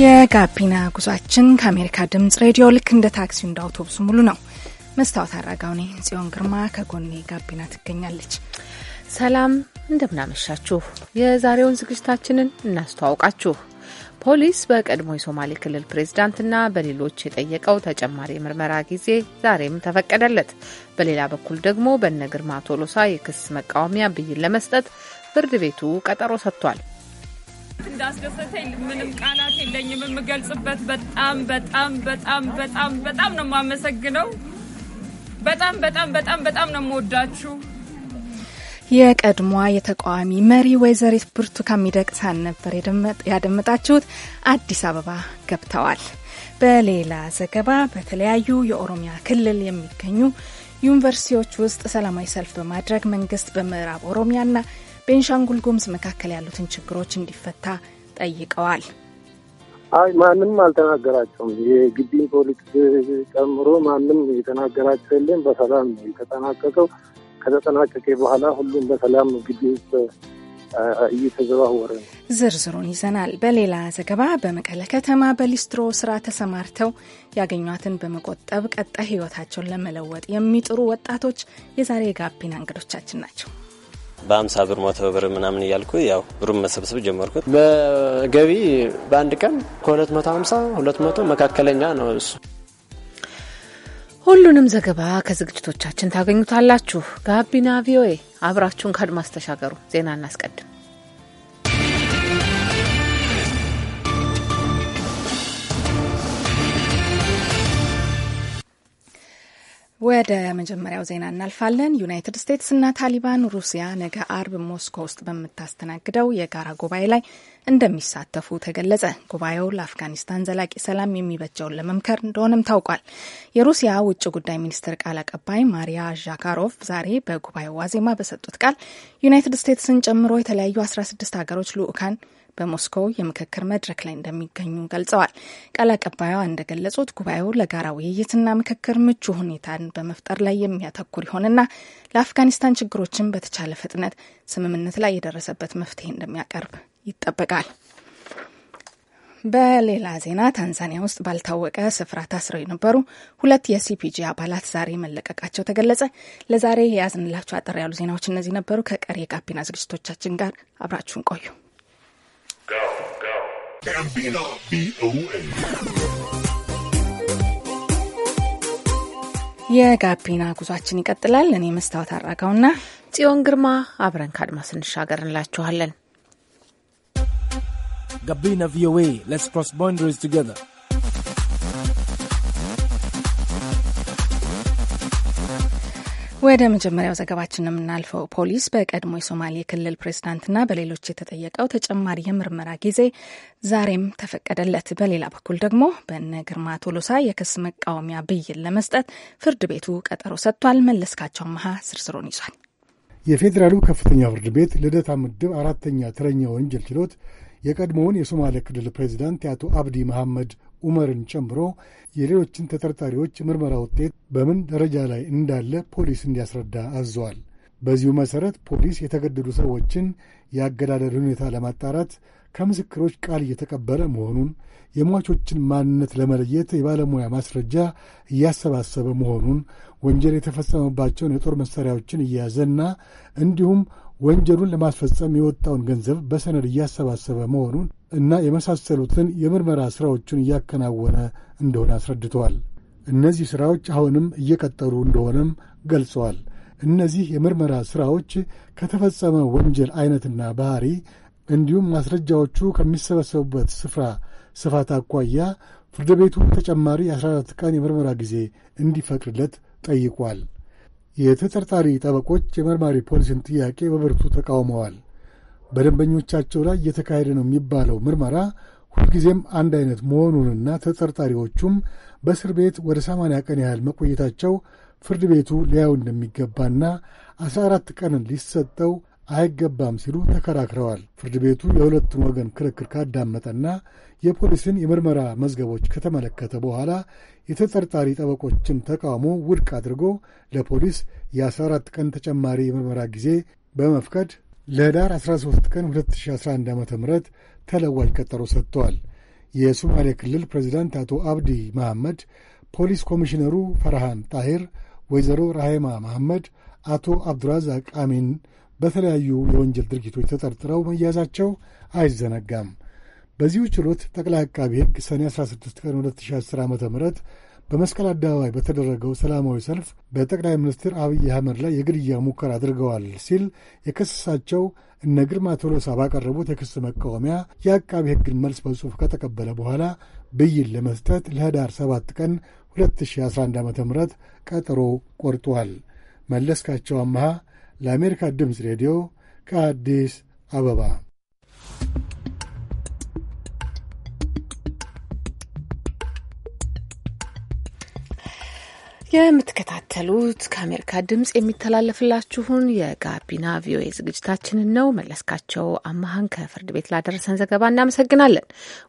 የጋቢና ጉዟችን ከአሜሪካ ድምጽ ሬዲዮ ልክ እንደ ታክሲው እንደ አውቶቡሱ ሙሉ ነው። መስታወት አራጋው ነኝ። ጽዮን ግርማ ከጎኔ ጋቢና ትገኛለች። ሰላም እንደምናመሻችሁ። የዛሬውን ዝግጅታችንን እናስተዋውቃችሁ። ፖሊስ በቀድሞ የሶማሌ ክልል ፕሬዝዳንትና በሌሎች የጠየቀው ተጨማሪ የምርመራ ጊዜ ዛሬም ተፈቀደለት። በሌላ በኩል ደግሞ በነ ግርማ ቶሎሳ የክስ መቃወሚያ ብይን ለመስጠት ፍርድ ቤቱ ቀጠሮ ሰጥቷል። እንዳስደሰተኝ ምንም ቃላት የለኝም የምገልጽበት። በጣም በጣም በጣም በጣም በጣም ነው የማመሰግነው። በጣም በጣም በጣም በጣም ነው የምወዳችሁ። የቀድሟ የተቃዋሚ መሪ ወይዘሪት ብርቱካን ሚደቅሳን ነበር ያደመጣችሁት። አዲስ አበባ ገብተዋል። በሌላ ዘገባ በተለያዩ የኦሮሚያ ክልል የሚገኙ ዩኒቨርሲቲዎች ውስጥ ሰላማዊ ሰልፍ በማድረግ መንግስት በምዕራብ ኦሮሚያና ቤንሻንጉል ጎምዝ መካከል ያሉትን ችግሮች እንዲፈታ ጠይቀዋል። አይ ማንም አልተናገራቸውም። የግቢን ፖሊክስ ጨምሮ ማንም የተናገራቸው የለም። በሰላም ነው የተጠናቀቀው። ከተጠናቀቀ በኋላ ሁሉም በሰላም ነው ግቢ ውስጥ እየተዘዋወረ ነው። ዝርዝሩን ይዘናል። በሌላ ዘገባ በመቀለ ከተማ በሊስትሮ ስራ ተሰማርተው ያገኟትን በመቆጠብ ቀጣይ ህይወታቸውን ለመለወጥ የሚጥሩ ወጣቶች የዛሬ የጋቢና እንግዶቻችን ናቸው። በአምሳ ብር መቶ ብር ምናምን እያልኩ ያው ብሩን መሰብሰብ ጀመርኩት። በገቢ በአንድ ቀን ከሁለት መቶ ሀምሳ ሁለት መቶ መካከለኛ ነው እሱ። ሁሉንም ዘገባ ከዝግጅቶቻችን ታገኙታላችሁ። ጋቢና ቪኦኤ አብራችሁን ከአድማስ ተሻገሩ። ዜና እናስቀድም። ወደ መጀመሪያው ዜና እናልፋለን። ዩናይትድ ስቴትስ እና ታሊባን ሩሲያ ነገ አርብ ሞስኮ ውስጥ በምታስተናግደው የጋራ ጉባኤ ላይ እንደሚሳተፉ ተገለጸ። ጉባኤው ለአፍጋኒስታን ዘላቂ ሰላም የሚበጀውን ለመምከር እንደሆነም ታውቋል። የሩሲያ ውጭ ጉዳይ ሚኒስትር ቃል አቀባይ ማሪያ ዣካሮቭ ዛሬ በጉባኤው ዋዜማ በሰጡት ቃል ዩናይትድ ስቴትስን ጨምሮ የተለያዩ አስራ ስድስት ሀገሮች ልኡካን በሞስኮ የምክክር መድረክ ላይ እንደሚገኙ ገልጸዋል። ቃል አቀባዩ እንደገለጹት ጉባኤው ለጋራ ውይይትና ምክክር ምቹ ሁኔታን በመፍጠር ላይ የሚያተኩር ይሆንና ለአፍጋኒስታን ችግሮችን በተቻለ ፍጥነት ስምምነት ላይ የደረሰበት መፍትሄ እንደሚያቀርብ ይጠበቃል። በሌላ ዜና ታንዛኒያ ውስጥ ባልታወቀ ስፍራ ታስረው የነበሩ ሁለት የሲፒጂ አባላት ዛሬ መለቀቃቸው ተገለጸ። ለዛሬ የያዝንላቸው አጠር ያሉ ዜናዎች እነዚህ ነበሩ። ከቀሪ የጋቢና ዝግጅቶቻችን ጋር አብራችሁን ቆዩ። ጋቢና ቪኦኤ የጋቢና ጉዟችን ይቀጥላል። እኔ መስታወት አራጋውና ጽዮን ግርማ አብረን ከአድማስ እንሻገር እንላችኋለን። ጋቢና ቪኦኤ ሌትስ ክሮስ ቦንደሪስ ቱጌዘር ወደ መጀመሪያው ዘገባችን የምናልፈው ፖሊስ በቀድሞ የሶማሌ ክልል ፕሬዚዳንትና በሌሎች የተጠየቀው ተጨማሪ የምርመራ ጊዜ ዛሬም ተፈቀደለት። በሌላ በኩል ደግሞ በነ ግርማ ቶሎሳ የክስ መቃወሚያ ብይን ለመስጠት ፍርድ ቤቱ ቀጠሮ ሰጥቷል። መለስካቸው መሀ ስርስሩን ይዟል። የፌዴራሉ ከፍተኛ ፍርድ ቤት ልደታ ምድብ አራተኛ ተረኛ ወንጀል ችሎት የቀድሞውን የሶማሌ ክልል ፕሬዚዳንት የአቶ አብዲ መሐመድ ኡመርን ጨምሮ የሌሎችን ተጠርጣሪዎች ምርመራ ውጤት በምን ደረጃ ላይ እንዳለ ፖሊስ እንዲያስረዳ አዘዋል። በዚሁ መሠረት ፖሊስ የተገደዱ ሰዎችን የአገዳደል ሁኔታ ለማጣራት ከምስክሮች ቃል እየተቀበለ መሆኑን፣ የሟቾችን ማንነት ለመለየት የባለሙያ ማስረጃ እያሰባሰበ መሆኑን፣ ወንጀል የተፈጸመባቸውን የጦር መሣሪያዎችን እየያዘና እንዲሁም ወንጀሉን ለማስፈጸም የወጣውን ገንዘብ በሰነድ እያሰባሰበ መሆኑን እና የመሳሰሉትን የምርመራ ሥራዎቹን እያከናወነ እንደሆነ አስረድተዋል። እነዚህ ሥራዎች አሁንም እየቀጠሉ እንደሆነም ገልጸዋል። እነዚህ የምርመራ ሥራዎች ከተፈጸመ ወንጀል ዐይነትና ባሕሪ እንዲሁም ማስረጃዎቹ ከሚሰበሰቡበት ስፍራ ስፋት አኳያ ፍርድ ቤቱ ተጨማሪ 14 ቀን የምርመራ ጊዜ እንዲፈቅድለት ጠይቋል። የተጠርጣሪ ጠበቆች የመርማሪ ፖሊስን ጥያቄ በብርቱ ተቃውመዋል። በደንበኞቻቸው ላይ እየተካሄደ ነው የሚባለው ምርመራ ሁልጊዜም አንድ አይነት መሆኑንና ተጠርጣሪዎቹም በእስር ቤት ወደ ሰማንያ ቀን ያህል መቆየታቸው ፍርድ ቤቱ ሊያዩ እንደሚገባና አስራ አራት ቀንን ሊሰጠው አይገባም ሲሉ ተከራክረዋል። ፍርድ ቤቱ የሁለቱን ወገን ክርክር ካዳመጠና የፖሊስን የምርመራ መዝገቦች ከተመለከተ በኋላ የተጠርጣሪ ጠበቆችን ተቃውሞ ውድቅ አድርጎ ለፖሊስ የ14 ቀን ተጨማሪ የምርመራ ጊዜ በመፍቀድ ለዳር 13 ቀን 2011 ዓ ም ተለዋጭ ቀጠሮ ሰጥተዋል። የሶማሌ ክልል ፕሬዚዳንት አቶ አብዲ መሐመድ፣ ፖሊስ ኮሚሽነሩ ፈርሃን ጣሂር፣ ወይዘሮ ራሄማ መሐመድ፣ አቶ አብዱራዛቅ አሚን በተለያዩ የወንጀል ድርጊቶች ተጠርጥረው መያዛቸው አይዘነጋም። በዚሁ ችሎት ጠቅላይ አቃቢ ሕግ ሰኔ 16 ቀን 2010 ዓ ም በመስቀል አደባባይ በተደረገው ሰላማዊ ሰልፍ በጠቅላይ ሚኒስትር አብይ አህመድ ላይ የግድያ ሙከራ አድርገዋል ሲል የከሰሳቸው እነ ግርማ ቶሎሳ ባቀረቡት የክስ መቃወሚያ የአቃቢ ሕግን መልስ በጽሑፍ ከተቀበለ በኋላ ብይን ለመስጠት ለህዳር 7 ቀን 2011 ዓ ም ቀጠሮ ቆርጧል። መለስካቸው አመሃ ለአሜሪካ ድምፅ ሬዲዮ ከአዲስ አበባ የምትከታተሉት ከአሜሪካ ድምጽ የሚተላለፍላችሁን የጋቢና ቪኦኤ ዝግጅታችንን ነው። መለስካቸው አማሃን ከፍርድ ቤት ላደረሰን ዘገባ እናመሰግናለን።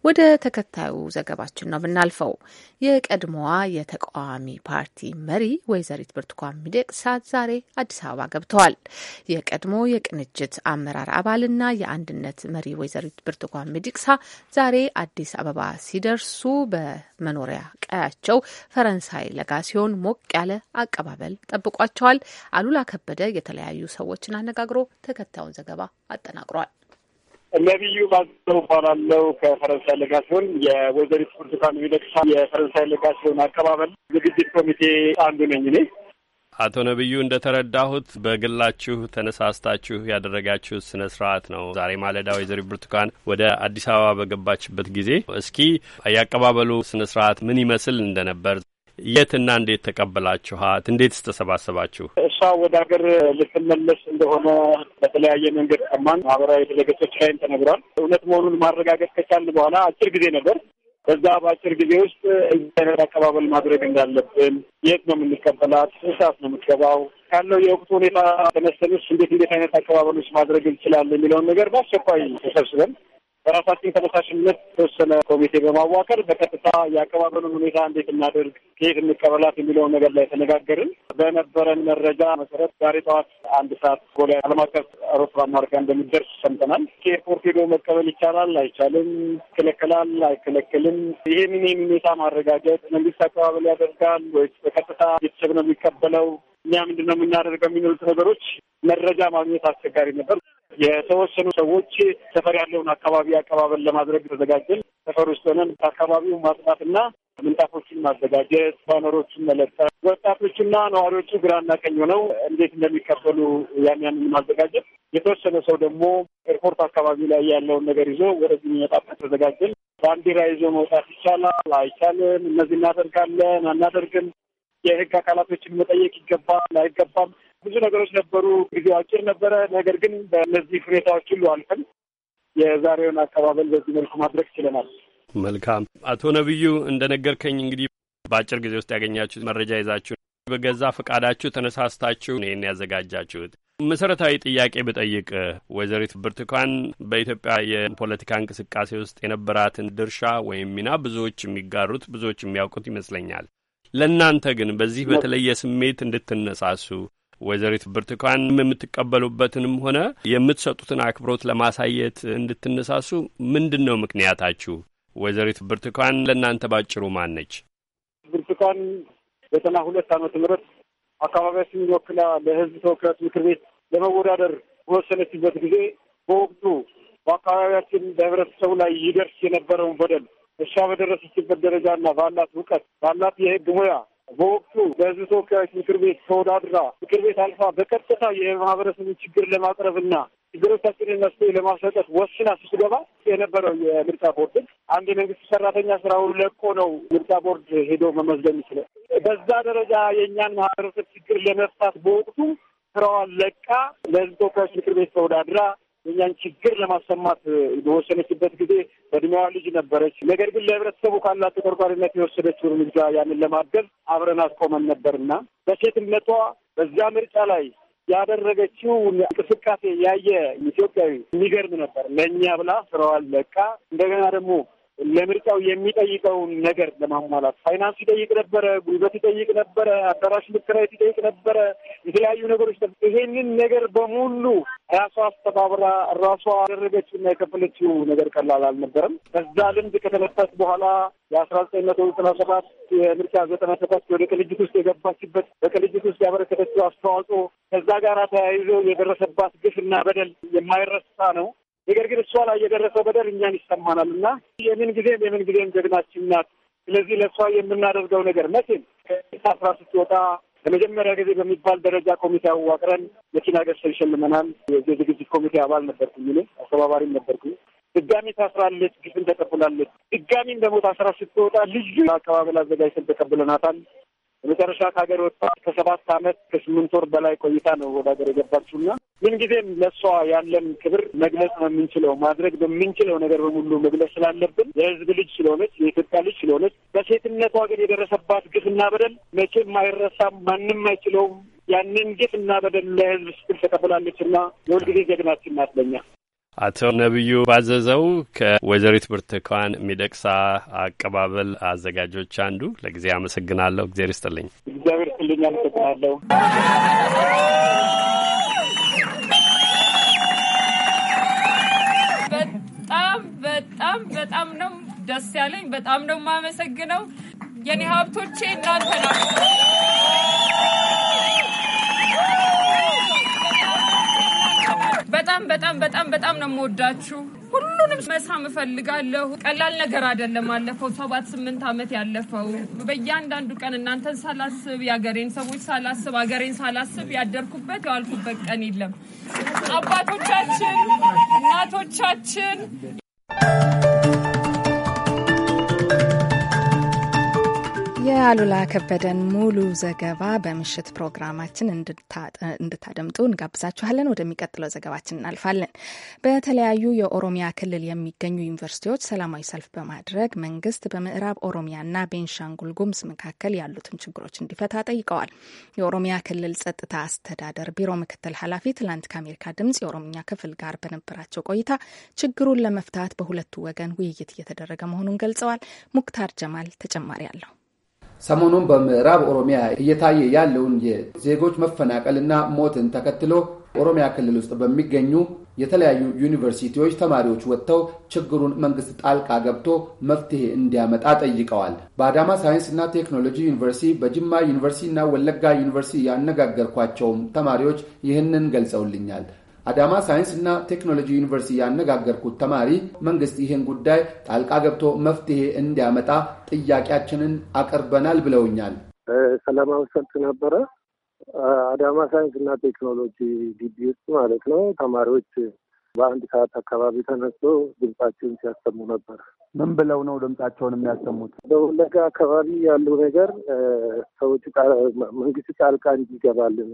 ወደ ተከታዩ ዘገባችን ነው ብናልፈው የቀድሞዋ የተቃዋሚ ፓርቲ መሪ ወይዘሪት ብርቱካን ሚደቅሳ ዛሬ አዲስ አበባ ገብተዋል። የቀድሞ የቅንጅት አመራር አባልና የአንድነት መሪ ወይዘሪት ብርቱካን ሚደቅሳ ዛሬ አዲስ አበባ ሲደርሱ በመኖሪያ ቀያቸው ፈረንሳይ ለጋ ሲሆን ሞቅ ያለ አቀባበል ጠብቋቸዋል። አሉላ ከበደ የተለያዩ ሰዎችን አነጋግሮ ተከታዩን ዘገባ አጠናቅሯል። ነቢዩ ባዘው እባላለሁ ከፈረንሳይ ሌጋሲዮን የወይዘሪት ብርቱካን ሚደቅሳ የፈረንሳይ ሌጋሲዮን አቀባበል ዝግጅት ኮሚቴ አንዱ ነኝ እኔ። አቶ ነቢዩ እንደ ተረዳሁት በግላችሁ ተነሳስታችሁ ያደረጋችሁት ስነ ስርዓት ነው። ዛሬ ማለዳ ወይዘሪት ብርቱካን ወደ አዲስ አበባ በገባችበት ጊዜ እስኪ ያቀባበሉ ስነ ስርዓት ምን ይመስል እንደነበር የትና እንዴት ተቀበላችኋት? እንዴት ተሰባሰባችሁ? እሷ ወደ ሀገር ልትመለስ እንደሆነ በተለያየ መንገድ ሰማን። ማህበራዊ ድረገጾች ላይም ተነግሯል። እውነት መሆኑን ማረጋገጥ ከቻልን በኋላ አጭር ጊዜ ነበር። በዛ በአጭር ጊዜ ውስጥ እዚህ አይነት አቀባበል ማድረግ እንዳለብን፣ የት ነው የምንቀበላት፣ እሳት ነው የምትገባው፣ ካለው የወቅቱ ሁኔታ ተነስተን እንዴት እንዴት አይነት አቀባበሎች ማድረግ እንችላለን የሚለውን ነገር በአስቸኳይ ተሰብስበን በራሳችን ተነሳሽነት የተወሰነ ኮሚቴ በማዋቀር በቀጥታ የአቀባበሉን ሁኔታ እንዴት እናደርግ፣ ከየት እንቀበላት የሚለውን ነገር ላይ ተነጋገርን። በነበረን መረጃ መሰረት ዛሬ ጠዋት አንድ ሰዓት ጎላ ዓለም አቀፍ አውሮፕላን ማረፊያ እንደሚደርስ ሰምተናል። ከኤርፖርት ሄዶ መቀበል ይቻላል አይቻልም፣ ይከለከላል አይከለከልም፣ ይህን ይህን ሁኔታ ማረጋገጥ መንግስት አቀባበል ያደርጋል ወይስ በቀጥታ ቤተሰብ ነው የሚቀበለው፣ እኛ ምንድን ነው የምናደርገው የሚኖሩት ነገሮች መረጃ ማግኘት አስቸጋሪ ነበር። የተወሰኑ ሰዎች ሰፈር ያለውን አካባቢ አቀባበል ለማድረግ ተዘጋጀን። ሰፈር ውስጥ ሆነን ከአካባቢው ማጽዳትና ምንጣፎችን ማዘጋጀት፣ ባነሮችን መለጠፍ፣ ወጣቶችና ነዋሪዎቹ ግራና ቀኝ ሆነው እንዴት እንደሚቀበሉ ያን ያንን ማዘጋጀት፣ የተወሰነ ሰው ደግሞ ኤርፖርት አካባቢ ላይ ያለውን ነገር ይዞ ወደዚህ የሚመጣበት ተዘጋጀን። ባንዲራ ይዞ መውጣት ይቻላል አይቻልም፣ እነዚህ እናደርጋለን አናደርግም፣ የህግ አካላቶችን መጠየቅ ይገባል አይገባም ብዙ ነገሮች ነበሩ። ጊዜው አጭር ነበረ። ነገር ግን በእነዚህ ሁኔታዎች ሁሉ አልፈን የዛሬውን አቀባበል በዚህ መልኩ ማድረግ ችለናል። መልካም። አቶ ነቢዩ እንደነገርከኝ እንግዲህ በአጭር ጊዜ ውስጥ ያገኛችሁት መረጃ ይዛችሁ በገዛ ፈቃዳችሁ ተነሳስታችሁ ይህን ያዘጋጃችሁት መሰረታዊ ጥያቄ ብጠይቅ ወይዘሪት ብርቱካን በኢትዮጵያ የፖለቲካ እንቅስቃሴ ውስጥ የነበራትን ድርሻ ወይም ሚና ብዙዎች የሚጋሩት ብዙዎች የሚያውቁት ይመስለኛል። ለእናንተ ግን በዚህ በተለየ ስሜት እንድትነሳሱ ወይዘሪት ብርቱካን የምትቀበሉበትንም ሆነ የምትሰጡትን አክብሮት ለማሳየት እንድትነሳሱ ምንድን ነው ምክንያታችሁ? ወይዘሪት ብርቱካን ለእናንተ ባጭሩ ማን ነች? ብርቱካን ዘጠና ሁለት ዓመተ ምህረት አካባቢያችን ወክላ ለህዝብ ተወካዮች ምክር ቤት ለመወዳደር በወሰነችበት ጊዜ በወቅቱ በአካባቢያችን በህብረተሰቡ ላይ ይደርስ የነበረውን በደል እሷ በደረሰችበት ደረጃና ባላት እውቀት ባላት የህግ ሙያ በወቅቱ በህዝብ ተወካዮች ምክር ቤት ተወዳድራ ምክር ቤት አልፋ በቀጥታ የማህበረሰቡ ችግር ለማቅረብና ችግሮቻችንን መፍትሄ ለማሰጠት ወስና ስትገባ የነበረው የምርጫ ቦርድ አንድ የመንግስት ሰራተኛ ስራውን ለቆ ነው ምርጫ ቦርድ ሄዶ መመዝገብ ይችላል። በዛ ደረጃ የእኛን ማህበረሰብ ችግር ለመፍታት በወቅቱ ስራዋን ለቃ ለህዝብ ተወካዮች ምክር ቤት ተወዳድራ የኛን ችግር ለማሰማት በወሰነችበት ጊዜ በእድሜዋ ልጅ ነበረች። ነገር ግን ለህብረተሰቡ ካላት ተቆርቋሪነት የወሰደችው እርምጃ ያንን ለማገዝ አብረን አስቆመን ነበርና በሴትነቷ በዚያ ምርጫ ላይ ያደረገችው እንቅስቃሴ ያየ ኢትዮጵያዊ የሚገርም ነበር። ለእኛ ብላ ስራዋን ለቃ እንደገና ደግሞ ለምርጫው የሚጠይቀውን ነገር ለማሟላት ፋይናንስ ይጠይቅ ነበረ፣ ጉልበት ይጠይቅ ነበረ፣ አዳራሽ መከራየት ይጠይቅ ነበረ፣ የተለያዩ ነገሮች። ይሄንን ነገር በሙሉ ራሷ አስተባብራ ራሷ ያደረገች እና የከፈለችው ነገር ቀላል አልነበረም። በዛ ልምድ ከተነሳች በኋላ የአስራ ዘጠኝ መቶ ዘጠና ሰባት የምርጫ ዘጠና ሰባት ወደ ቅልጅት ውስጥ የገባችበት በቅልጅት ውስጥ ያበረከተችው አስተዋጽኦ ከዛ ጋር ተያይዞ የደረሰባት ግፍና በደል የማይረሳ ነው። ነገር ግን እሷ ላይ የደረሰው በደል እኛን ይሰማናል እና የምን ጊዜም የምን ጊዜም ጀግናችን ናት። ስለዚህ ለእሷ የምናደርገው ነገር መቼም አስራ ስትወጣ ለመጀመሪያ ጊዜ በሚባል ደረጃ ኮሚቴ አዋቅረን መኪና ገዝተን ይሸልመናል። የዝግጅት ኮሚቴ አባል ነበርኩኝ እኔ አስተባባሪም ነበርኩኝ። ድጋሚ ታስራለች፣ ግፍን ተቀብላለች። ድጋሚም ደግሞ ታስራ ስትወጣ ልዩ አቀባበል አዘጋጅተን ተቀብለናታል። በመጨረሻ ከሀገር ወጥታ ከሰባት አመት ከስምንት ወር በላይ ቆይታ ነው ወደ ሀገር የገባችውና ምንጊዜም ለእሷ ያለን ክብር መግለጽ በምንችለው ማድረግ በምንችለው ነገር በሙሉ መግለጽ ስላለብን የህዝብ ልጅ ስለሆነች የኢትዮጵያ ልጅ ስለሆነች በሴትነቷ ግን የደረሰባት ግፍና በደል መቼም አይረሳም። ማንም አይችለውም። ያንን ግፍና በደል ለህዝብ ስትል ተቀብላለች ተቀብላለችና የሁልጊዜ ጀግናችን ናት ለኛ። አቶ ነቢዩ ባዘዘው ከወይዘሪት ብርቱካን ሚደቅሳ አቀባበል አዘጋጆች አንዱ፣ ለጊዜ አመሰግናለሁ። እግዜር ይስጥልኝ። እግዚአብሔር ይስጥልኝ። አመሰግናለሁ። በጣም በጣም ነው ደስ ያለኝ። በጣም ነው የማመሰግነው። የኔ ሀብቶቼ እናንተ ናቸው። በጣም በጣም በጣም በጣም ነው የምወዳችሁ። ሁሉንም መሳም እፈልጋለሁ። ቀላል ነገር አይደለም። አለፈው ሰባት ስምንት ዓመት ያለፈው በእያንዳንዱ ቀን እናንተን ሳላስብ የአገሬን ሰዎች ሳላስብ አገሬን ሳላስብ ያደርኩበት የዋልኩበት ቀን የለም። አባቶቻችን እናቶቻችን Thank you. የአሉላ ከበደን ሙሉ ዘገባ በምሽት ፕሮግራማችን እንድታደምጡ እንጋብዛችኋለን። ወደሚቀጥለው ዘገባችን እናልፋለን። በተለያዩ የኦሮሚያ ክልል የሚገኙ ዩኒቨርሲቲዎች ሰላማዊ ሰልፍ በማድረግ መንግስት በምዕራብ ኦሮሚያና ቤንሻንጉል ጉምዝ መካከል ያሉትን ችግሮች እንዲፈታ ጠይቀዋል። የኦሮሚያ ክልል ጸጥታ አስተዳደር ቢሮ ምክትል ኃላፊ ትላንት ከአሜሪካ ድምጽ የኦሮምኛ ክፍል ጋር በነበራቸው ቆይታ ችግሩን ለመፍታት በሁለቱ ወገን ውይይት እየተደረገ መሆኑን ገልጸዋል። ሙክታር ጀማል ተጨማሪ አለው። ሰሞኑን በምዕራብ ኦሮሚያ እየታየ ያለውን የዜጎች መፈናቀልና ሞትን ተከትሎ ኦሮሚያ ክልል ውስጥ በሚገኙ የተለያዩ ዩኒቨርሲቲዎች ተማሪዎች ወጥተው ችግሩን መንግስት ጣልቃ ገብቶ መፍትሄ እንዲያመጣ ጠይቀዋል። በአዳማ ሳይንስና ቴክኖሎጂ ዩኒቨርሲቲ፣ በጅማ ዩኒቨርሲቲና ወለጋ ዩኒቨርሲቲ ያነጋገርኳቸውም ተማሪዎች ይህንን ገልጸውልኛል። አዳማ እና ቴክኖሎጂ ዩኒቨርሲቲ ያነጋገርኩት ተማሪ መንግስት ይህን ጉዳይ ጣልቃ ገብቶ መፍትሄ እንዲያመጣ ጥያቄያችንን አቅርበናል ብለውኛል። ሰላማዊ ሰልፍ ነበረ አዳማ ሳይንስና ቴክኖሎጂ ግቢ ውስጥ ማለት ነው። ተማሪዎች በአንድ ሰዓት አካባቢ ተነስቶ ድምጻቸውን ሲያሰሙ ነበር። ምን ብለው ነው ድምጻቸውን የሚያሰሙት? በወለጋ አካባቢ ያለው ነገር ሰዎች መንግስት ጣልቃ እንዲገባልን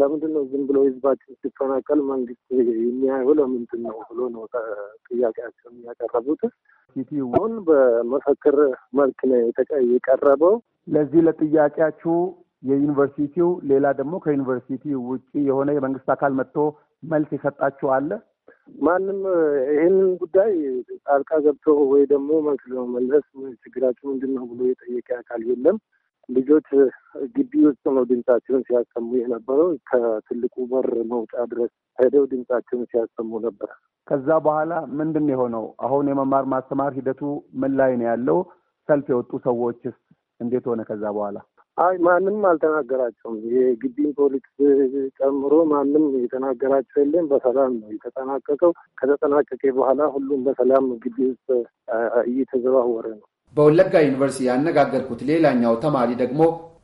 ለምንድን ነው ዝም ብሎ ህዝባችን ሲፈናቀል መንግስት የሚያየው ለምንድን ነው ብሎ ነው ጥያቄያቸውን ያቀረቡት። ሲቲውን በመፈክር መልክ ነው የቀረበው። ለዚህ ለጥያቄያችሁ የዩኒቨርሲቲው ሌላ ደግሞ ከዩኒቨርሲቲ ውጭ የሆነ የመንግስት አካል መጥቶ መልስ የሰጣችሁ አለ? ማንም ይህንን ጉዳይ ጣልቃ ገብቶ ወይ ደግሞ መልስ ለመመለስ ችግራችሁ ምንድን ነው ብሎ የጠየቀ አካል የለም። ልጆች ግቢ ውስጥ ነው ድምጻቸውን ሲያሰሙ የነበረው። ከትልቁ በር መውጫ ድረስ ሄደው ድምጻቸውን ሲያሰሙ ነበር። ከዛ በኋላ ምንድን የሆነው? አሁን የመማር ማስተማር ሂደቱ ምን ላይ ነው ያለው? ሰልፍ የወጡ ሰዎችስ እንዴት ሆነ? ከዛ በኋላ አይ ማንም አልተናገራቸውም። የግቢን ፖሊስ ጨምሮ ማንም የተናገራቸው የለም። በሰላም ነው የተጠናቀቀው። ከተጠናቀቀ በኋላ ሁሉም በሰላም ግቢ ውስጥ እየተዘዋወረ ነው። በወለጋ ዩኒቨርሲቲ ያነጋገርኩት ሌላኛው ተማሪ ደግሞ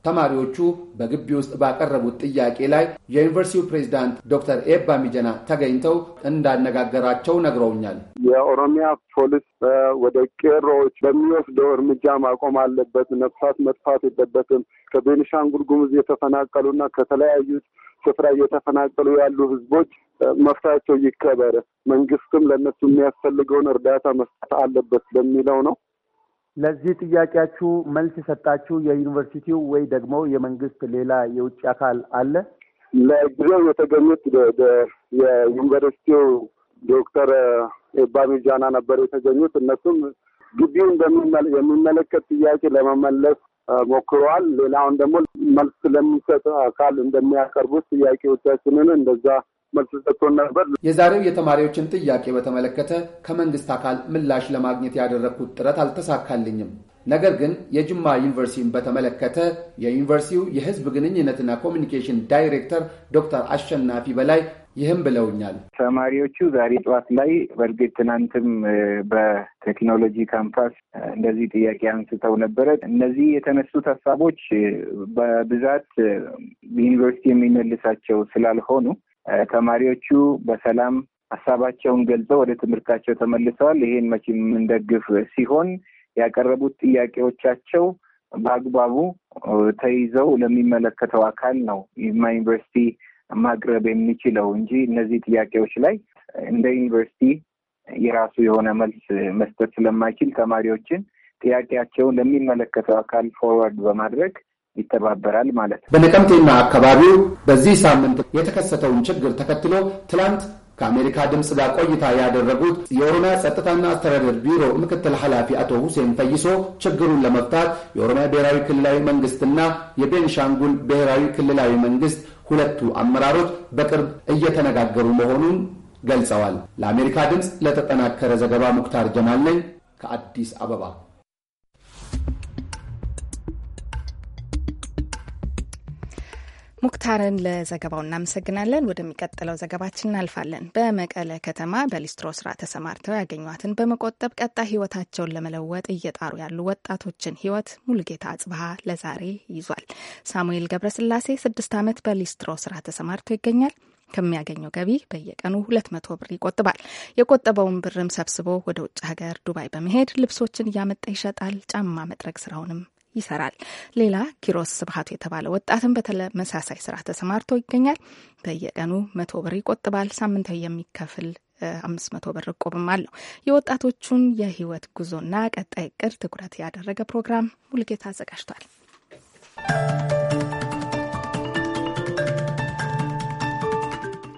ተማሪዎቹ በግቢ ውስጥ ባቀረቡት ጥያቄ ላይ የዩኒቨርሲቲው ፕሬዚዳንት ዶክተር ኤባ ሚጀና ተገኝተው እንዳነጋገራቸው ነግረውኛል። የኦሮሚያ ፖሊስ ወደ ቄሮዎች በሚወስደው እርምጃ ማቆም አለበት፣ ነፍሳት መጥፋት የለበትም። ከቤኒሻንጉል ጉሙዝ የተፈናቀሉና ከተለያዩ ስፍራ እየተፈናቀሉ ያሉ ህዝቦች መፍታቸው ይከበር፣ መንግስትም ለእነሱ የሚያስፈልገውን እርዳታ መስጠት አለበት በሚለው ነው ለዚህ ጥያቄያችሁ መልስ የሰጣችሁ የዩኒቨርሲቲው ወይ ደግሞ የመንግስት ሌላ የውጭ አካል አለ? ለጊዜው የተገኙት የዩኒቨርሲቲው ዶክተር ኤባ ሚርጃና ነበር የተገኙት። እነሱም ግቢውን የሚመለከት ጥያቄ ለመመለስ ሞክረዋል። ሌላውን ደግሞ መልስ ለሚሰጥ አካል እንደሚያቀርቡት ጥያቄዎቻችንን እንደዛ መልስ ሰጥቶን ነበር። የዛሬው የተማሪዎችን ጥያቄ በተመለከተ ከመንግስት አካል ምላሽ ለማግኘት ያደረግኩት ጥረት አልተሳካልኝም። ነገር ግን የጅማ ዩኒቨርሲቲን በተመለከተ የዩኒቨርሲቲው የህዝብ ግንኙነትና ኮሚኒኬሽን ዳይሬክተር ዶክተር አሸናፊ በላይ ይህም ብለውኛል። ተማሪዎቹ ዛሬ ጠዋት ላይ በእርግጥ ትናንትም በቴክኖሎጂ ካምፓስ እንደዚህ ጥያቄ አንስተው ነበረ። እነዚህ የተነሱት ሀሳቦች በብዛት ዩኒቨርሲቲ የሚመልሳቸው ስላልሆኑ ተማሪዎቹ በሰላም ሀሳባቸውን ገልጸው ወደ ትምህርታቸው ተመልሰዋል። ይህን መቼም የምንደግፍ ሲሆን ያቀረቡት ጥያቄዎቻቸው በአግባቡ ተይዘው ለሚመለከተው አካል ነው ማ ዩኒቨርሲቲ ማቅረብ የሚችለው እንጂ እነዚህ ጥያቄዎች ላይ እንደ ዩኒቨርሲቲ የራሱ የሆነ መልስ መስጠት ስለማይችል ተማሪዎችን ጥያቄያቸውን ለሚመለከተው አካል ፎርዋርድ በማድረግ ይተባበራል ማለት ነው። በነቀምቴና አካባቢው በዚህ ሳምንት የተከሰተውን ችግር ተከትሎ ትላንት ከአሜሪካ ድምፅ ጋር ቆይታ ያደረጉት የኦሮሚያ ጸጥታና አስተዳደር ቢሮ ምክትል ኃላፊ አቶ ሁሴን ፈይሶ ችግሩን ለመፍታት የኦሮሚያ ብሔራዊ ክልላዊ መንግስትና የቤንሻንጉል ብሔራዊ ክልላዊ መንግስት ሁለቱ አመራሮች በቅርብ እየተነጋገሩ መሆኑን ገልጸዋል። ለአሜሪካ ድምፅ ለተጠናከረ ዘገባ ሙክታር ጀማል ነኝ ከአዲስ አበባ። ሙክታርን ለዘገባው እናመሰግናለን። ወደሚቀጥለው ዘገባችን እናልፋለን። በመቀለ ከተማ በሊስትሮ ስራ ተሰማርተው ያገኟትን በመቆጠብ ቀጣይ ህይወታቸውን ለመለወጥ እየጣሩ ያሉ ወጣቶችን ህይወት ሙልጌታ አጽብሃ ለዛሬ ይዟል። ሳሙኤል ገብረስላሴ ስድስት ዓመት በሊስትሮ ስራ ተሰማርቶ ይገኛል። ከሚያገኘው ገቢ በየቀኑ ሁለት መቶ ብር ይቆጥባል። የቆጠበውን ብርም ሰብስቦ ወደ ውጭ ሀገር ዱባይ በመሄድ ልብሶችን እያመጣ ይሸጣል። ጫማ መጥረግ ስራውንም ይሰራል። ሌላ ኪሮስ ስብሀቱ የተባለ ወጣትም በተመሳሳይ ስራ ተሰማርቶ ይገኛል። በየቀኑ መቶ ብር ይቆጥባል። ሳምንታዊ የሚከፍል አምስት መቶ ብር እቆብም አለው። የወጣቶቹን የህይወት ጉዞና ቀጣይ እቅድ ትኩረት ያደረገ ፕሮግራም ሙልጌታ አዘጋጅቷል።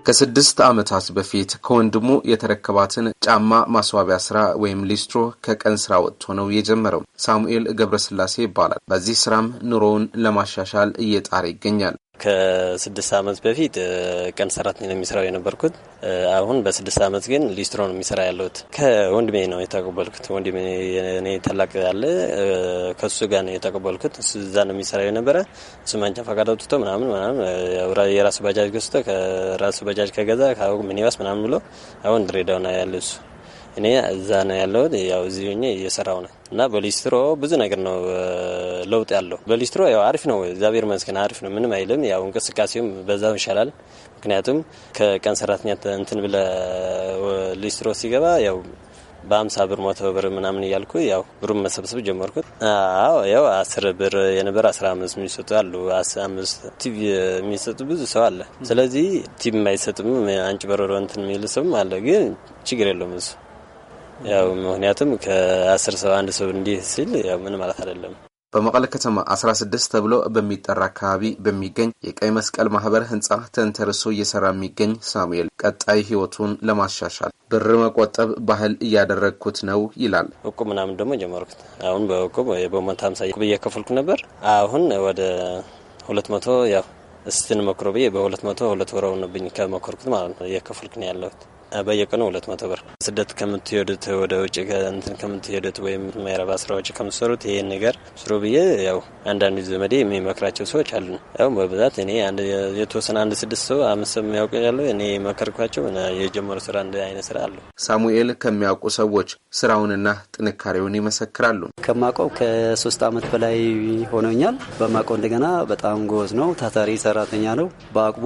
ከስድስት ዓመታት በፊት ከወንድሙ የተረከባትን ጫማ ማስዋቢያ ስራ ወይም ሊስትሮ ከቀን ስራ ወጥቶ ነው የጀመረው። ሳሙኤል ገብረስላሴ ይባላል። በዚህ ስራም ኑሮውን ለማሻሻል እየጣረ ይገኛል። ከስድስት አመት በፊት ቀን ሰራተኛ ነው የሚሰራው የነበርኩት። አሁን በስድስት አመት ግን ሊስትሮ ነው የሚሰራ ያለሁት። ከወንድሜ ነው የተቀበልኩት። ወንድሜ እኔ ታላቅ ያለ ከሱ ጋር ነው የተቀበልኩት። እዛ ነው የሚሰራ የነበረ። እሱ ማንጫ ፈቃድ አውጥቶ ምናምን ምናምን የራሱ ባጃጅ ገዝቶ ከራሱ ባጃጅ ከገዛ ሚኒባስ ምናምን ብሎ አሁን ድሬዳውና ያለ እሱ እኔ እዛ ነው ያለሁት። ያው እዚህ ሆኜ እየሰራው ነው እና በሊስትሮ ብዙ ነገር ነው ለውጥ ያለው። በሊስትሮ ያው አሪፍ ነው፣ እግዚአብሔር ይመስገን አሪፍ ነው፣ ምንም አይልም። ያው እንቅስቃሴውም በዛው ይሻላል። ምክንያቱም ከቀን ሰራተኛ እንትን ብለ ሊስትሮ ሲገባ ያው በአምሳ ብር ሞተ ብር ምናምን እያልኩ ያው ብሩን መሰብሰብ ጀመርኩት። አዎ ያው አስር ብር የነበር አስራ አምስት የሚሰጡ አሉ። አምስት ቲቪ የሚሰጡ ብዙ ሰው አለ። ስለዚህ ቲቪ የማይሰጥም አንጭ በረሮ እንትን የሚል ሰውም አለ። ግን ችግር የለውም እሱ ያው ምክንያቱም ከአስር ሰው አንድ ሰው እንዲህ ሲል ያው ምን ማለት አይደለም። በመቀለ ከተማ 16 ተብሎ በሚጠራ አካባቢ በሚገኝ የቀይ መስቀል ማህበር ህንፃ ተንተርሶ እየሰራ የሚገኝ ሳሙኤል ቀጣይ ህይወቱን ለማሻሻል ብር መቆጠብ ባህል እያደረግኩት ነው ይላል። እቁብ ምናምን ደግሞ ጀመርኩት። አሁን በእቁብ በመቶ ሀምሳ እየከፈልኩ ነበር። አሁን ወደ ሁለት መቶ ያው እስትን መክሮ ብዬ በሁለት መቶ ሁለት ወር ከመኮርኩት ማለት ነው እየከፈልኩ ነው ያለሁት በየቀኑ ሁለት መቶ ብር ስደት ከምትሄዱት ወደ ውጭ እንትን ከምትሄዱት ወይም ማይረባ ስራዎች ከምትሰሩት ይህን ነገር ስሩ ብዬ ያው አንዳንዱ ዘመዴ የሚመክራቸው ሰዎች አሉ። ያው በብዛት እኔ የተወሰነ አንድ ስድስት ሰው አምስት ሰው የሚያውቅ ያለው እኔ መከርኳቸው የጀመሩ ስራ እንደ አይነት ስራ አሉ። ሳሙኤል ከሚያውቁ ሰዎች ስራውንና ጥንካሬውን ይመሰክራሉ። ከማውቀው ከሶስት አመት በላይ ሆኖኛል። በማውቀው እንደገና በጣም ጎዝ ነው። ታታሪ ሰራተኛ ነው። በአቅቡ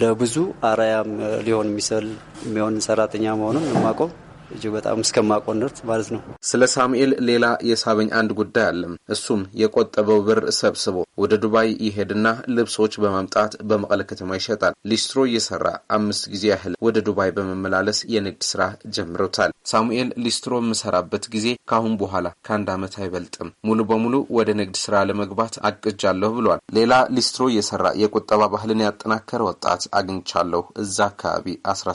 ለብዙ አራያም ሊሆን የሚሰል የሚሆን ሰራተኛ መሆኑን የማቆም እጅግ በጣም እስከማቆንርት ማለት ነው። ስለ ሳሙኤል ሌላ የሳበኝ አንድ ጉዳይ አለም። እሱም የቆጠበው ብር ሰብስቦ ወደ ዱባይ ይሄድና ልብሶች በማምጣት በመቀለ ከተማ ይሸጣል። ሊስትሮ እየሰራ አምስት ጊዜ ያህል ወደ ዱባይ በመመላለስ የንግድ ስራ ጀምሮታል። ሳሙኤል ሊስትሮ የምሰራበት ጊዜ ከአሁን በኋላ ከአንድ ዓመት አይበልጥም፣ ሙሉ በሙሉ ወደ ንግድ ስራ ለመግባት አቅጃለሁ ብሏል። ሌላ ሊስትሮ እየሰራ የቁጠባ ባህልን ያጠናከረ ወጣት አግኝቻለሁ። እዛ አካባቢ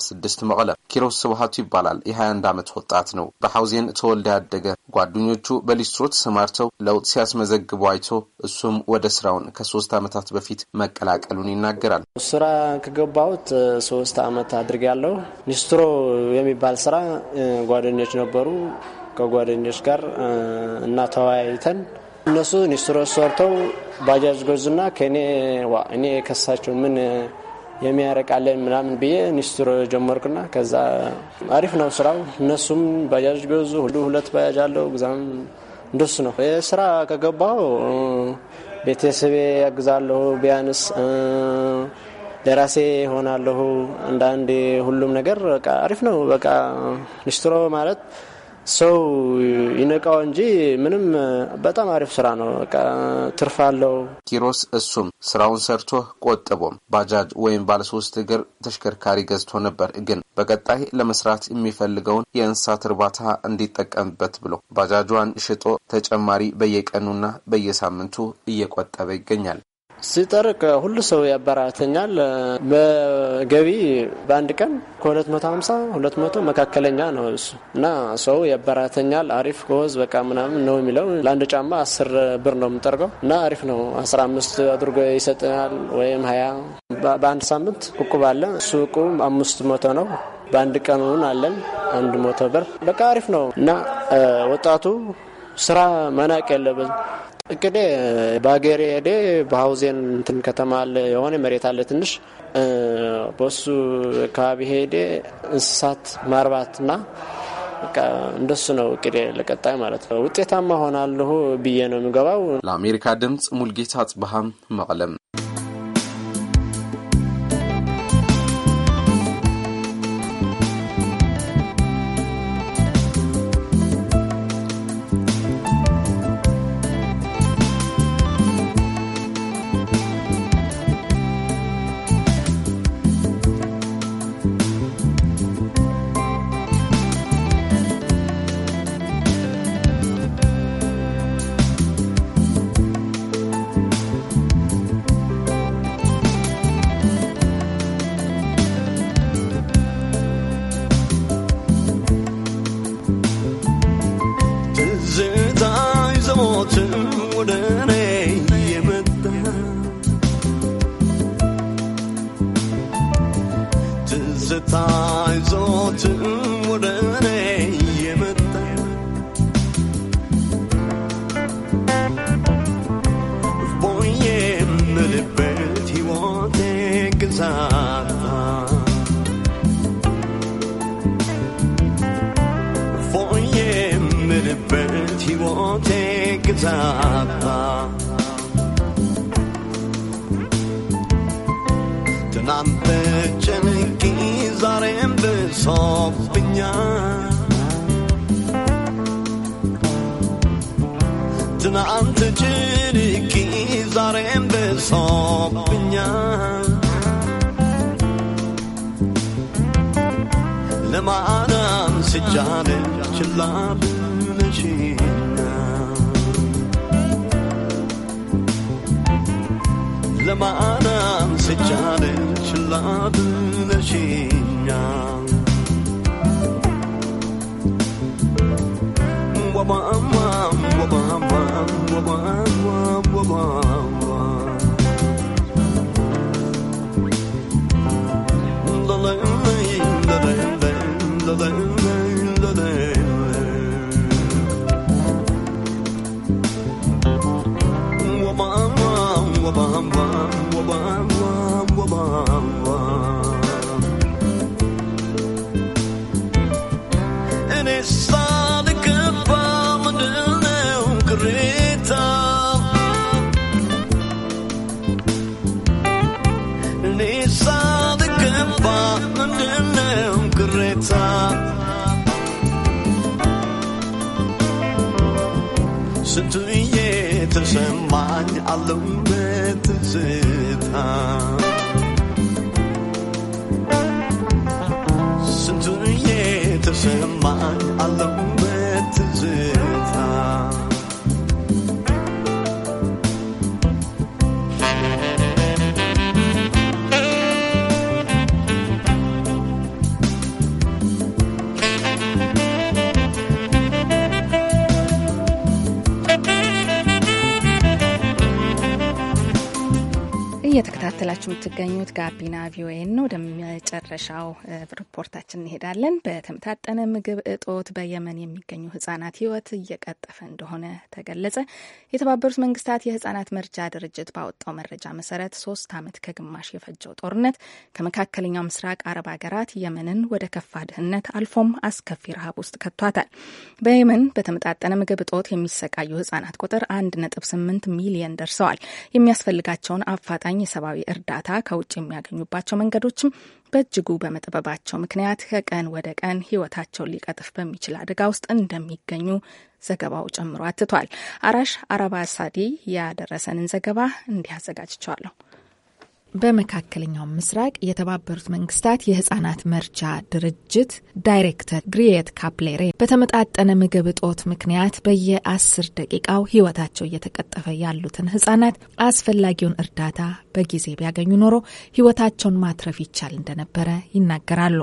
ስድስት መቀለ ኪሮስ ስብሀቱ ይባላል። የ21 ዓመት ወጣት ነው። በሐውዜን ተወልደ ያደገ ጓደኞቹ በሊስትሮ ተሰማርተው ለውጥ ሲያስመዘግቡ አይቶ እሱም ወደ ስራውን ከሶስት ዓመታት በፊት መቀላቀሉን ይናገራል። ስራ ከገባሁት ሶስት ዓመት ያለሁ ሊስትሮ የሚባል ስራ ጓደኞች ነበሩ። ከጓደኞች ጋር እና ተወያይተን እነሱ ሊስትሮ ሰርተው ባጃጅ ገዙና ከእኔ እኔ ከሳቸው ምን የሚያረቃለን ምናምን ብዬ ኒስትሮ ጀመርኩና ከዛ አሪፍ ነው ስራው። እነሱም ባጃጅ ቢወዙ ሁሉ ሁለት ባጃጅ አለው ግዛም እንደሱ ነው። ስራ ከገባው ቤተሰቤ ያግዛለሁ ቢያንስ ለራሴ ሆናለሁ። አንዳንድ ሁሉም ነገር በቃ አሪፍ ነው። በቃ ኒስትሮ ማለት ሰው ይነቃው እንጂ ምንም በጣም አሪፍ ስራ ነው። ትርፍ አለው። ኪሮስ እሱም ስራውን ሰርቶ ቆጥቦም ባጃጅ ወይም ባለሶስት እግር ተሽከርካሪ ገዝቶ ነበር። ግን በቀጣይ ለመስራት የሚፈልገውን የእንስሳት እርባታ እንዲጠቀምበት ብሎ ባጃጇን ሽጦ ተጨማሪ በየቀኑና በየሳምንቱ እየቆጠበ ይገኛል። ሲጠርቅ ከሁሉ ሰው ያበራተኛል። በገቢ በአንድ ቀን ከ250 200 መካከለኛ ነው እሱ እና ሰው ያበራተኛል። አሪፍ ከወዝ በቃ ምናምን ነው የሚለው ለአንድ ጫማ አስር ብር ነው የምጠርገው እና አሪፍ ነው 15 አድርጎ ይሰጠናል ወይም ሀያ በአንድ ሳምንት ቁቁብ አለ ሱቁ አምስት መቶ ነው። በአንድ ቀኑን አለን አንድ መቶ ብር በቃ አሪፍ ነው እና ወጣቱ ስራ መናቅ ያለበት እቅዴ በአገሬ ሄዴ በሀውዜን እንትን ከተማ አለ የሆነ መሬት አለ ትንሽ በሱ አካባቢ ሄዴ እንስሳት ማርባትና እንደሱ ነው እቅዴ ለቀጣይ ማለት ነው። ውጤታማ ሆናለሁ ብዬ ነው የሚገባው። ለአሜሪካ ድምፅ ሙልጌታ አጽብሃም መቀለም ታባ ትናንት ጭንቂ ዛሬም ብሶብኛል ትናንት ጭንቂ ዛሬም ብሶብኛል ለማናም ስጃለ ችላብ ባናም ስጫለ ችላብነሽኛ ወባማ ወባማ ወባማ ወባማ Love እያዳመጣችሁ የምትገኙት ጋቢና ቪኦኤ ነው። ወደ መጨረሻው ሪፖርታችን እንሄዳለን። በተመጣጠነ ምግብ እጦት በየመን የሚገኙ ህጻናት ህይወት እየቀጠፈ እንደሆነ ተገለጸ። የተባበሩት መንግስታት የህጻናት መርጃ ድርጅት ባወጣው መረጃ መሰረት ሶስት ዓመት ከግማሽ የፈጀው ጦርነት ከመካከለኛው ምስራቅ አረብ ሀገራት የመንን ወደ ከፋ ድህነት አልፎም አስከፊ ረሃብ ውስጥ ከቷታል። በየመን በተመጣጠነ ምግብ እጦት የሚሰቃዩ ህጻናት ቁጥር አንድ ነጥብ ስምንት ሚሊየን ደርሰዋል። የሚያስፈልጋቸውን አፋጣኝ የሰብአዊ እርዳ እርዳታ ከውጭ የሚያገኙባቸው መንገዶችም በእጅጉ በመጥበባቸው ምክንያት ከቀን ወደ ቀን ህይወታቸውን ሊቀጥፍ በሚችል አደጋ ውስጥ እንደሚገኙ ዘገባው ጨምሮ አትቷል። አራሽ አረባ ሳዲ ያደረሰንን ዘገባ እንዲህ አዘጋጅቸዋለሁ። በመካከለኛው ምስራቅ የተባበሩት መንግስታት የህጻናት መርጃ ድርጅት ዳይሬክተር ግሪየት ካፕሌሬ በተመጣጠነ ምግብ እጦት ምክንያት በየአስር ደቂቃው ህይወታቸው እየተቀጠፈ ያሉትን ህጻናት አስፈላጊውን እርዳታ በጊዜ ቢያገኙ ኖሮ ህይወታቸውን ማትረፍ ይቻል እንደነበረ ይናገራሉ።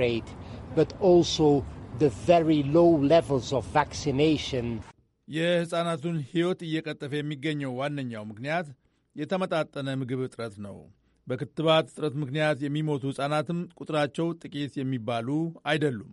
ሬት but also the very low levels of vaccination የሕፃናቱን ሕይወት እየቀጠፈ የሚገኘው ዋነኛው ምክንያት የተመጣጠነ ምግብ እጥረት ነው። በክትባት እጥረት ምክንያት የሚሞቱ ሕፃናትም ቁጥራቸው ጥቂት የሚባሉ አይደሉም።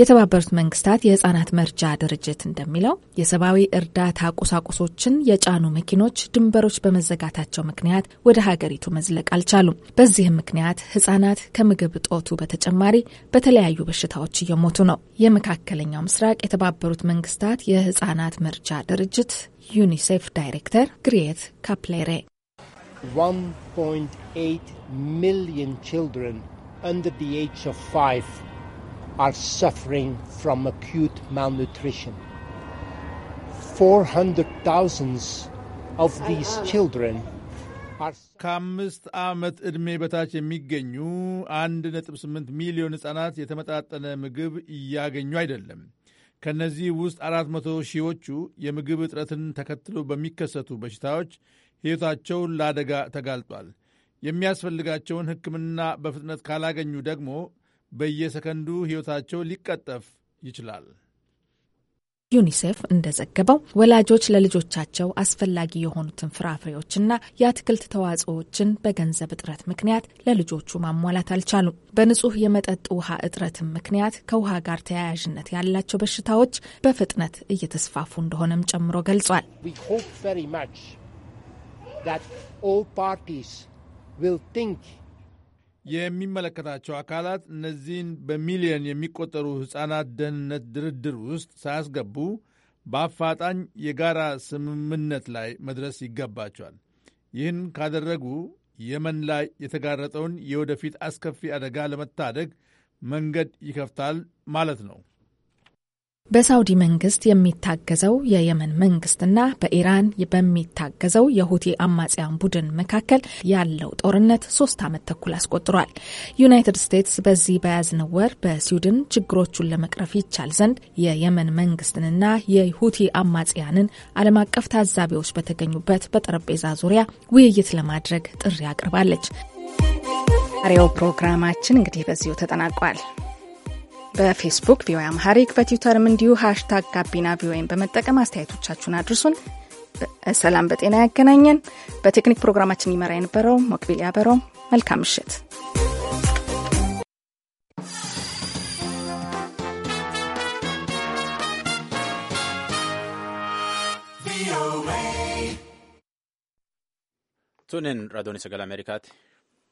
የተባበሩት መንግስታት የህጻናት መርጃ ድርጅት እንደሚለው የሰብአዊ እርዳታ ቁሳቁሶችን የጫኑ መኪኖች ድንበሮች በመዘጋታቸው ምክንያት ወደ ሀገሪቱ መዝለቅ አልቻሉም። በዚህም ምክንያት ህጻናት ከምግብ እጦቱ በተጨማሪ በተለያዩ በሽታዎች እየሞቱ ነው። የመካከለኛው ምስራቅ የተባበሩት መንግስታት የህጻናት መርጃ ድርጅት ዩኒሴፍ ዳይሬክተር ግሪየት ካፕሌሬ 1.8 ሚሊዮን ችልድረን under the age of five are suffering from acute malnutrition. 400,000 of these children ከአምስት ዓመት ዕድሜ በታች የሚገኙ 1.8 ሚሊዮን ሕፃናት የተመጣጠነ ምግብ እያገኙ አይደለም። ከእነዚህ ውስጥ 400 ሺዎቹ የምግብ እጥረትን ተከትሎ በሚከሰቱ በሽታዎች ሕይወታቸው ለአደጋ ተጋልጧል። የሚያስፈልጋቸውን ሕክምና በፍጥነት ካላገኙ ደግሞ በየሰከንዱ ሕይወታቸው ሊቀጠፍ ይችላል። ዩኒሴፍ እንደዘገበው ወላጆች ለልጆቻቸው አስፈላጊ የሆኑትን ፍራፍሬዎችና የአትክልት ተዋጽኦዎችን በገንዘብ እጥረት ምክንያት ለልጆቹ ማሟላት አልቻሉም። በንጹህ የመጠጥ ውሃ እጥረትም ምክንያት ከውሃ ጋር ተያያዥነት ያላቸው በሽታዎች በፍጥነት እየተስፋፉ እንደሆነም ጨምሮ ገልጿል። ዊ የሚመለከታቸው አካላት እነዚህን በሚሊዮን የሚቆጠሩ ሕፃናት ደህንነት ድርድር ውስጥ ሳያስገቡ በአፋጣኝ የጋራ ስምምነት ላይ መድረስ ይገባቸዋል። ይህን ካደረጉ የመን ላይ የተጋረጠውን የወደፊት አስከፊ አደጋ ለመታደግ መንገድ ይከፍታል ማለት ነው። በሳውዲ መንግስት የሚታገዘው የየመን መንግስትና በኢራን በሚታገዘው የሁቲ አማጽያን ቡድን መካከል ያለው ጦርነት ሶስት ዓመት ተኩል አስቆጥሯል። ዩናይትድ ስቴትስ በዚህ በያዝነው ወር በስዊድን ችግሮቹን ለመቅረፍ ይቻል ዘንድ የየመን መንግስትንና የሁቲ አማጽያንን ዓለም አቀፍ ታዛቢዎች በተገኙበት በጠረጴዛ ዙሪያ ውይይት ለማድረግ ጥሪ አቅርባለች። ዛሬው ፕሮግራማችን እንግዲህ በዚሁ ተጠናቋል። በፌስቡክ ቪኦኤ አምሃሪክ በትዊተርም እንዲሁ ሀሽታግ ጋቢና ቪኦኤን በመጠቀም አስተያየቶቻችሁን አድርሱን። ሰላም በጤና ያገናኘን። በቴክኒክ ፕሮግራማችን ይመራ የነበረው ሞቅቢል ያበረው። መልካም ምሽት። Tune radoni Sagal